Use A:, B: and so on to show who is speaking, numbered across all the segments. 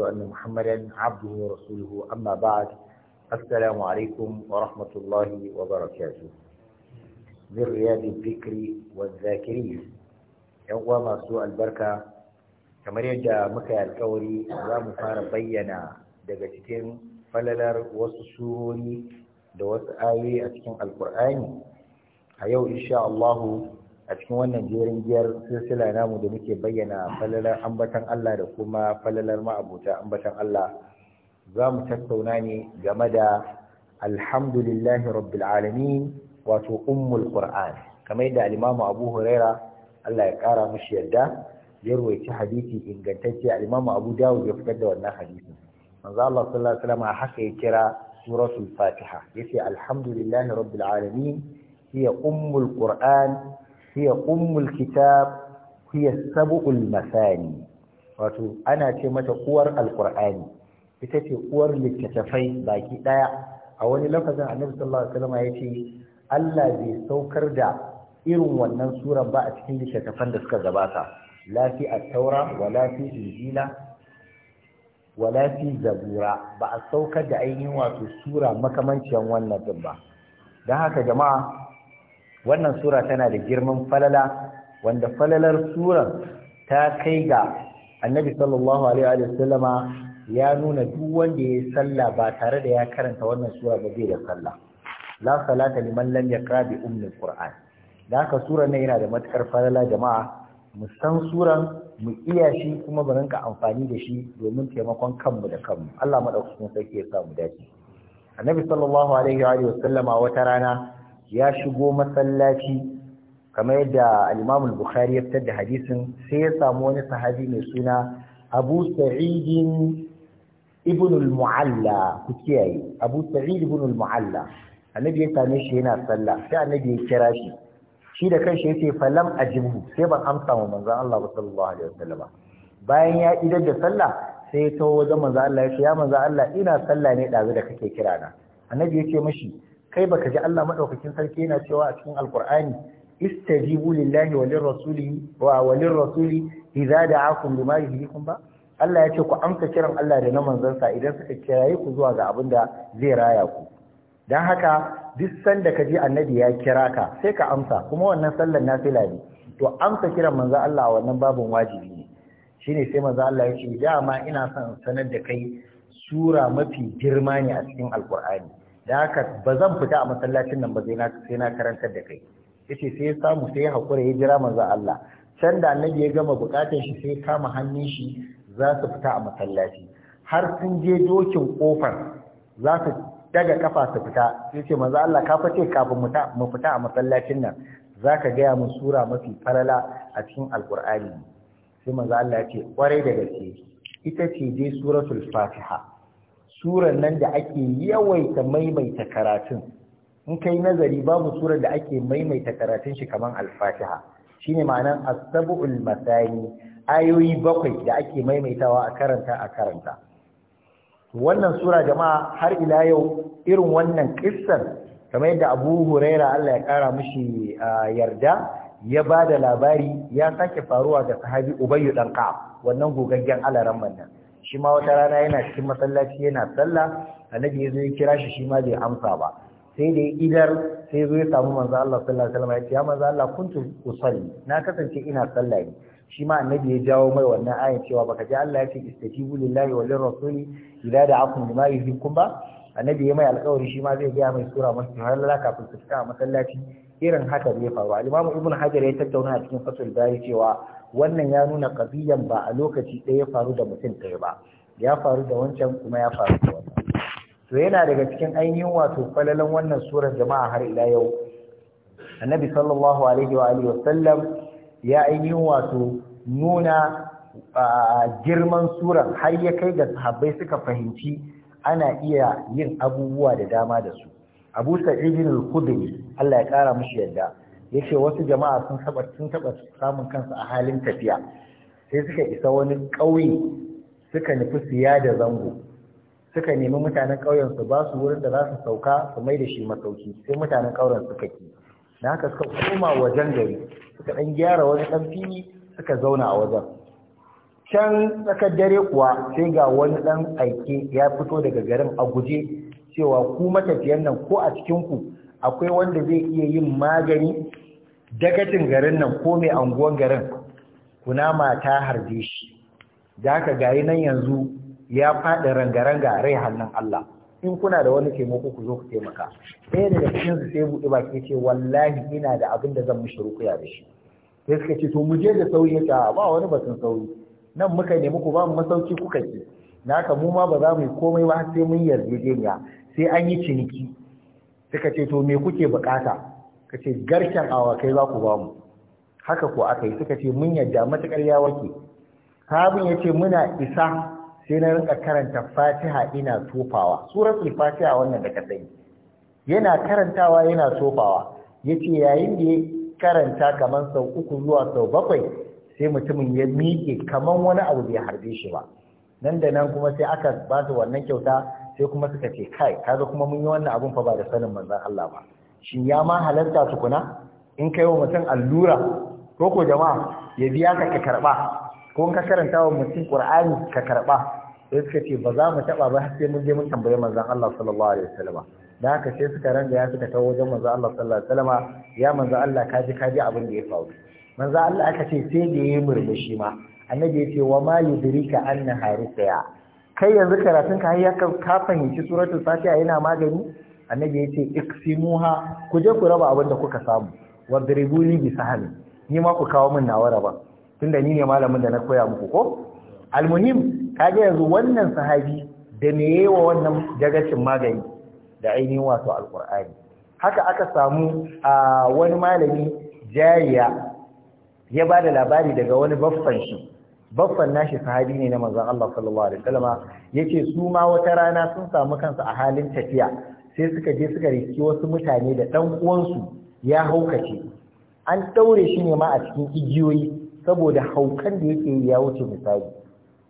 A: وأشهد أن محمدا عبده ورسوله أما بعد السلام عليكم ورحمة الله وبركاته ذريات الذكر والذاكرين يوم ما سوء البركة كما يجا مكا الكوري وما فار بينا دقتين فللر وسسوري دوس آية أتكين القرآن أيو إن شاء الله a cikin wannan jerin giyar silsila namu da muke bayyana falalar ambatan Allah da kuma falalar ma'abuta ambatan Allah za mu tattauna ne game da alhamdulillahi rabbil alamin wato ummul qur'an kamar da al-imamu Abu Huraira Allah ya kara mishi yarda ya ruwaici hadisi ingantacce al-imamu Abu Dawud ya fitar da wannan hadisi manzo Allah sallallahu alaihi wasallam haka ya kira suratul Fatiha yace alhamdulillahi rabbil alamin hiya ummul qur'an hiya ummul kitab hiya sab'ul masani wato ana ce mata uwar alqur'ani ita ce uwar littattafai baki daya a wani lafazin annabi sallallahu alaihi wasallam yace Allah zai saukar da irin wannan suran ba a cikin littattafan da suka gabata la fi at-taura wa la fi injila wa la fi zabura ba a saukar da ainihin wato sura makamanciyan wannan din ba dan haka jama'a wannan sura tana da girman falala wanda falalar suran ta kai ga annabi sallallahu alaihi ya nuna duk wanda ya sallah ba tare da ya karanta wannan sura ba zai da sallah la salata liman lam yaqra bi ummil qur'an da haka sura nan yana da matukar falala jama'a mu san suran mu iya shi kuma mu rinka amfani da shi domin taimakon kanmu da kanmu Allah madaukakin sarki ya sa mu dace annabi sallallahu alaihi wa sallama wata rana ya shigo masallaci kamar yadda al-Imam al-Bukhari ya fitar da hadisin sai ya samu wani sahabi mai suna Abu Sa'id ibn al-Mu'alla ku kiyaye Abu Sa'id ibn al-Mu'alla annabi ya same shi yana sallah sai annabi ya kira shi shi da kanshi yace falam ajibhu sai ban amsa ma manzon Allah sallallahu alaihi wasallam bayan ya idar da sallah sai ya tawo wajen manzon Allah ya ce ya manzon Allah ina sallah ne dazu da kake kira na annabi ya ce kai baka ji Allah madaukakin sarki yana cewa a cikin alqur'ani istajibu lillahi wa rasuli wa walirrasuli idza da'akum lima ba Allah ya ce ku amsa kiran Allah da na manzansa idan suka kiraye ku zuwa ga abin da zai raya ku don haka duk sanda ka ji annabi ya kira ka sai ka amsa kuma wannan sallar nafila ne to amsa kiran manzo Allah wannan babun wajibi ne shine sai manzo Allah ya ce dama ina son sanar da kai sura mafi girma ne a cikin alkur'ani da haka ba zan fita a masallacin nan ba sai na karantar da kai yace sai ya samu sai ya hakura ya jira manzo Allah can da annabi ya gama bukatun shi sai kama hannun shi za su fita a masallaci har sun je dokin kofar za su daga kafa su fita yace manzo Allah ka fice kafin mu fita a masallacin nan zaka gaya mu sura mafi farala a cikin alqur'ani sai manzo Allah ya ce kwarai da gaske ita ce dai suratul fatiha surar nan da ake yawaita maimaita karatun in kai nazari babu surar da ake maimaita karatun shi kaman al-fatiha shine ma'anan as-sab'ul masani ayoyi bakwai da ake maimaitawa a karanta a karanta wannan sura jama'a har ila yau irin wannan kissan kamar yadda Abu Huraira Allah ya kara mishi yarda ya ba da labari ya sake faruwa da sahabi Ubayy dan Ka'ab wannan gogaggen alaran nan shi ma wata rana yana cikin masallaci yana sallah annabi ya zo ya kira shi shi ma bai amsa ba sai da idar sai zo ya samu manzo Allah sallallahu alaihi wasallam ya ce ya manzo Allah kuntu usalli na kasance ina sallah ne shi ma annabi ya jawo mai wannan ayin cewa baka ji Allah ya ce istajibu lillahi wa lirrasuli da da'akum lima yuhibbukum ba annabi ya mai alƙawari shi ma zai gaya mai sura masu halala kafin su fita a masallaci irin haka ya faru alimamu ibn hajar ya tattauna a cikin fasul bari cewa wannan ya nuna qadiyan ba a lokaci ɗaya ya faru da mutum ɗaya ba ya faru da wancan kuma ya faru da wannan to yana daga cikin ainihin wato falalan wannan surar jama'a har ila yau annabi sallallahu alaihi wa alihi wasallam ya ainihin wato nuna ah, girman suran har ya kai ga sahabbai suka fahimci ana iya yin abubuwa da dama da su abu sa'idin al-khudri Allah ya kara mushi yadda yace wasu jama'a sun taba sun taba samun kansu a halin tafiya sai suka isa wani ƙauye suka nufi siya da zango suka nemi mutanen ƙauyen su ba su wurin da za su sauka su mai da shi masauki sai mutanen ƙauyen suka ki na haka suka koma wajen gari suka ɗan gyara wani ɗan fili suka zauna a wajen can tsakar dare kuwa sai ga wani ɗan aike ya fito daga garin a guje cewa ku matafiyan nan ko a cikinku akwai wanda zai iya yin magani dagacin garin nan ko mai anguwan garin kuna ta harbe shi da haka gayi nan yanzu ya faɗi rangaranga rai hannun Allah in kuna da wani taimako ku zo ku taimaka ɗaya da cikin su sai buɗe baki ce wallahi ina da abin da zan mushi rukuya da shi sai suka ce to mu je da sauyi ta ba wani batun sauri nan muka nemi ku ba mu masauki kuka ce na haka mu ma ba za mu yi komai ba sai mun yarjejeniya sai an yi ciniki suka ce to me kuke bukata ka ce garken awakai za ku ba mu haka ko aka yi suka ce mun yarda matukar ya wake sabin ya ce muna isa sai na rinka karanta fatiha ina tofawa suratul fatiha wannan da ka yana karantawa yana tofawa yace yayin da ya karanta kamar sau uku zuwa sau bakwai sai mutumin ya miƙe kaman wani abu bai harbe shi ba nan da nan kuma sai aka ba su wannan kyauta sai kuma suka ce kai kaga kuma mun yi wannan abun fa ba da sanin manzon Allah ba shin ya ma halarta tukuna in kai wa mutum allura ko ko jama'a ya biya ka ka karba ko in ka karanta wa mutum Qur'ani ka karba sai suka ce ba za mu taba ba sai mun je mun tambaye manzon Allah sallallahu alaihi wasallam da haka sai suka ranga ya suka tawo wajen manzon Allah sallallahu alaihi wasallam ya manzon Allah kaji kaji abin da ya faru manzo Allah aka ce sai da yayi murmushi ma annabi ya ce wa ma yudrika anna harisa kai yanzu karatun ka ya ka fahimci suratul fatiha yana magani annabi ya ce iksimuha ku je ku raba abin da kuka samu wa li bi sahmi ni ma ku kawo min nawa raba tunda ni ne malamin da na koya muku ko almuhim kaga yanzu wannan sahabi da me yawa wannan dagacin magani da ainihin wato alqur'ani haka aka samu ah, wani malami jariya ya ba da labari daga wani baffan shi baffan nashi sahabi ne na manzon Allah sallallahu alaihi wasallam yace su ma wata rana sun samu kansu a halin tafiya sai suka je suka riski wasu mutane da dan uwansu ya haukace an daure shi ne ma a cikin igiyoyi saboda haukan da yake ya wuce misali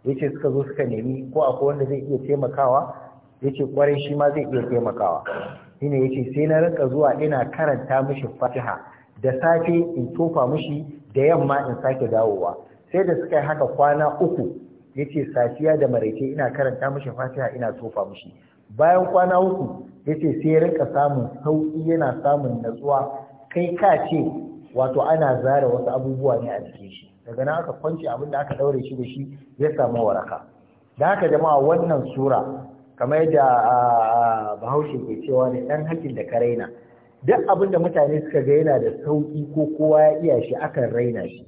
A: yace suka zo suka nemi ko akwai wanda zai iya taimakawa yace kwarai shi ma zai iya taimakawa shine yace sai na rinka zuwa ina karanta mishi Fatiha da safe in tofa mushi da yamma in sake dawowa sai da suka yi haka kwana uku yace safiya da maraice ina karanta mushi fatiha ina tofa mushi bayan kwana uku yace sai ya rinka samun sauki yana samun natsuwa kai ka ce wato ana zara wasu abubuwa ne a cikin shi daga nan aka kwance abin da aka daure shi da shi ya samu waraka da haka jama'a wannan sura kamar yadda ah, ah, bahaushe ke cewa ne dan hakin da ka raina duk abin da mutane suka ga yana da sauƙi ko kowa ya iya shi akan raina shi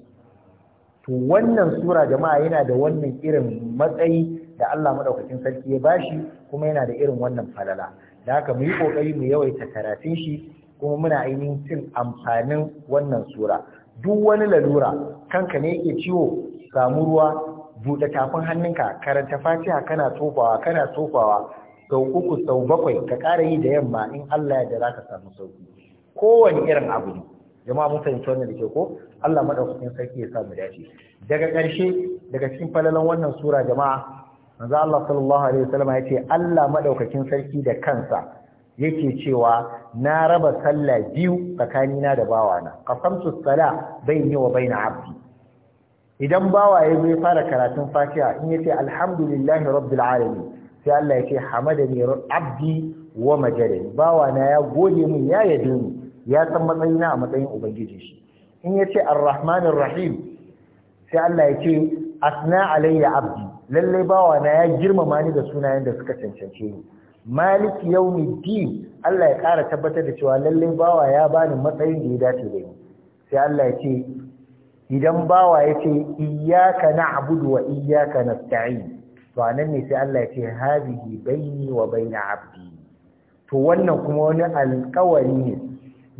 A: to wannan sura jama'a yana da wannan irin matsayi da Allah madaukakin sarki ya bashi kuma yana da irin wannan falala da haka mu yi kokari mu yawaita karatun shi kuma muna ainihin cin amfanin wannan sura duk wani lalura kanka ne yake ciwo samu ruwa buɗe tafin hannunka karanta fatiha kana tofawa kana tofawa sau uku sau bakwai ka ƙara yi da yamma in Allah ya da za ka samu sauki kowane irin abu ne jama'a mun fahimci wannan da ke ko Allah madaukakin sarki ya sa mu dace daga ƙarshe daga cikin falalan wannan sura jama'a manzo Allah sallallahu alaihi wasallam ya ce Allah madaukakin sarki da kansa yake cewa na raba sallah biyu tsakanina da bawana qasamtu sala yi wa baina abdi idan bawa ya zo ya fara karatun fatiha in yace alhamdulillahi rabbil alamin sai Allah ya ce hamadani abdi wa majadani bawa na ya gode min ya yabe ni ya san matsayina a matsayin ubangiji shi in ya ce arrahmanir rahim sai Allah ya ce asna alayya abdi lallai bawa na ya girmama ni da sunayen da suka cancance ni maliki yawmiddin Allah ya kara tabbatar da cewa lallai bawa ya bani matsayin da ya dace da ni sai Allah ya ce idan bawa ya ce iyyaka na'budu wa iyyaka nasta'in to anan ne sai Allah ya ce hazihi baini wa baina abdi to wannan kuma wani alƙawari ne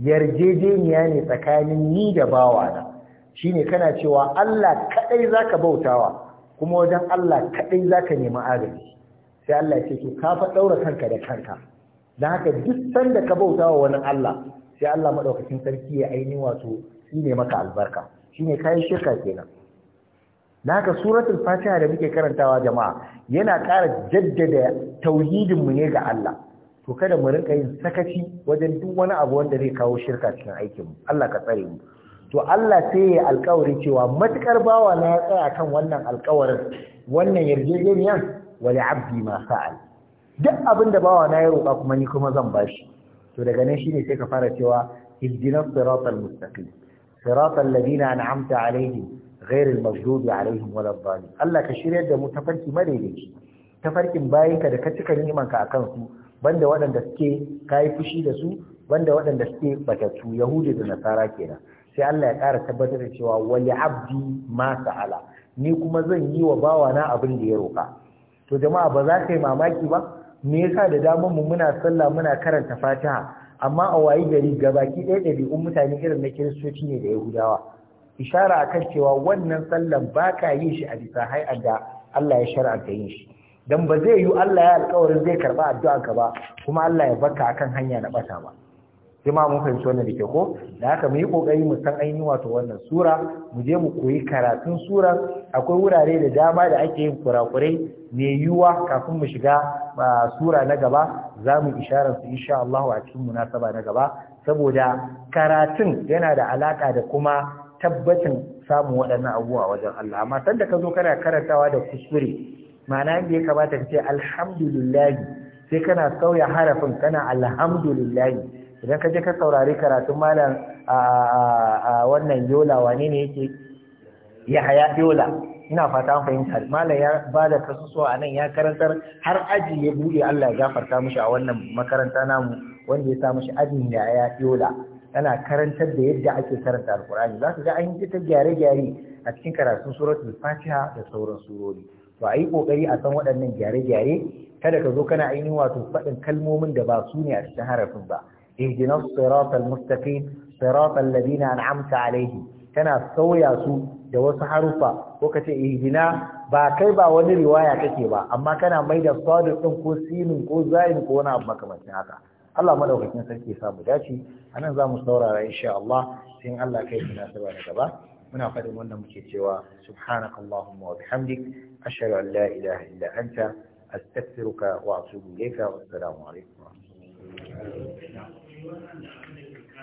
A: yarjejeniya ne tsakanin ni da bawana shine kana cewa Allah kadai zaka bautawa kuma wajen Allah kadai zaka nemi agaji sai Allah ya ce to ka fa daura kanka da kanka dan haka duk sanda ka bautawa wani Allah sai Allah madaukakin sarki ya aini wato shine maka albarka shine kai shirka kenan da haka suratul fatiha da muke karantawa jama'a yana ƙara jaddada tauhidin mu ne ga Allah to kada mu rinka yin sakaci wajen duk wani abu wanda zai kawo shirka cikin aikin mu Allah ka tsare mu to Allah sai ya alƙawari cewa matukar bawa na ya tsaya kan wannan alƙawarin wannan yarjejeniyan wani abdi ma sa'al duk abin da bawa na ya roƙa kuma ni kuma zan bashi to daga nan shine sai ka fara cewa ihdinas siratal mustaqim siratal ladina an'amta alaihim Gairin ghairil maghdubi alaihim waladdallin Allah ka shiryar da mu tafarki madaidaici tafarkin bayinka da ka cika nimanka akan su banda waɗanda suke kai fushi da su banda waɗanda suke batattu yahudi da nasara kenan sai Allah ya ƙara tabbatar da cewa wali abdi ma ala, ni kuma zan yi wa bawana abin da ya roka to jama'a ba za ka yi mamaki ba me yasa da damar mu muna sallah muna karanta fatiha amma a wayi gari gabaki ɗaya ɗabi'un mutane irin na kiristoci ne da yahudawa ishara akan cewa wannan sallan ba ka yin shi a bisa hai'ar da Allah ya shar'anta yin shi dan ba zai yi Allah ya alƙawarin zai karba addu'a ka ba kuma Allah ya baka akan hanya na bata ba sai ma mun fahimci wannan dake ko da haka mu yi kokari mu san ainihin wato wannan sura mu je mu koyi karatun sura akwai wurare da dama da ake yin kurakurai mai yiwuwa kafin mu shiga sura na gaba za mu isharar su insha Allah a cikin munasaba na gaba saboda karatun yana da alaka da kuma tabbacin samun waɗannan abubuwa wajen Allah amma san da ka zo kana karantawa da kuskure ma'ana inda ya kamata ka ce alhamdulillahi sai kana sauya harafin kana alhamdulillahi idan ka je ka saurari karatun malam a wannan yola wane ne yake ya haya yola ina fata an fahimta malam ya ba da kasusuwa a nan ya karantar har aji ya buɗe Allah ya gafarta mishi a wannan makaranta namu wanda ya sa mishi ajin ya yola ana karantar da yadda ake karanta alkur'ani za su ga an yi ta gyare-gyare a cikin karatun suratul fatiha da sauran surori to a yi kokari a san waɗannan gyare-gyare kada ka zo kana ainihin wato faɗin kalmomin da ba su ne a cikin harafin ba ihdinas siratal mustaqim siratal ladina an'amta alaihi tana sauya su da wasu harufa ko kace ihdina ba kai ba wani riwaya kake ba amma kana mai da sadu din ko sinin ko zayin ko wani abu makamancin haka Allah madaukakin sarki ya samu dace anan za mu saurara insha Allah sai in Allah kai na saba na gaba muna faɗin wannan muke cewa subhanakallahumma wa bihamdik ashhadu an la ilaha illa anta astaghfiruka wa atubu ilayka wa assalamu alaikum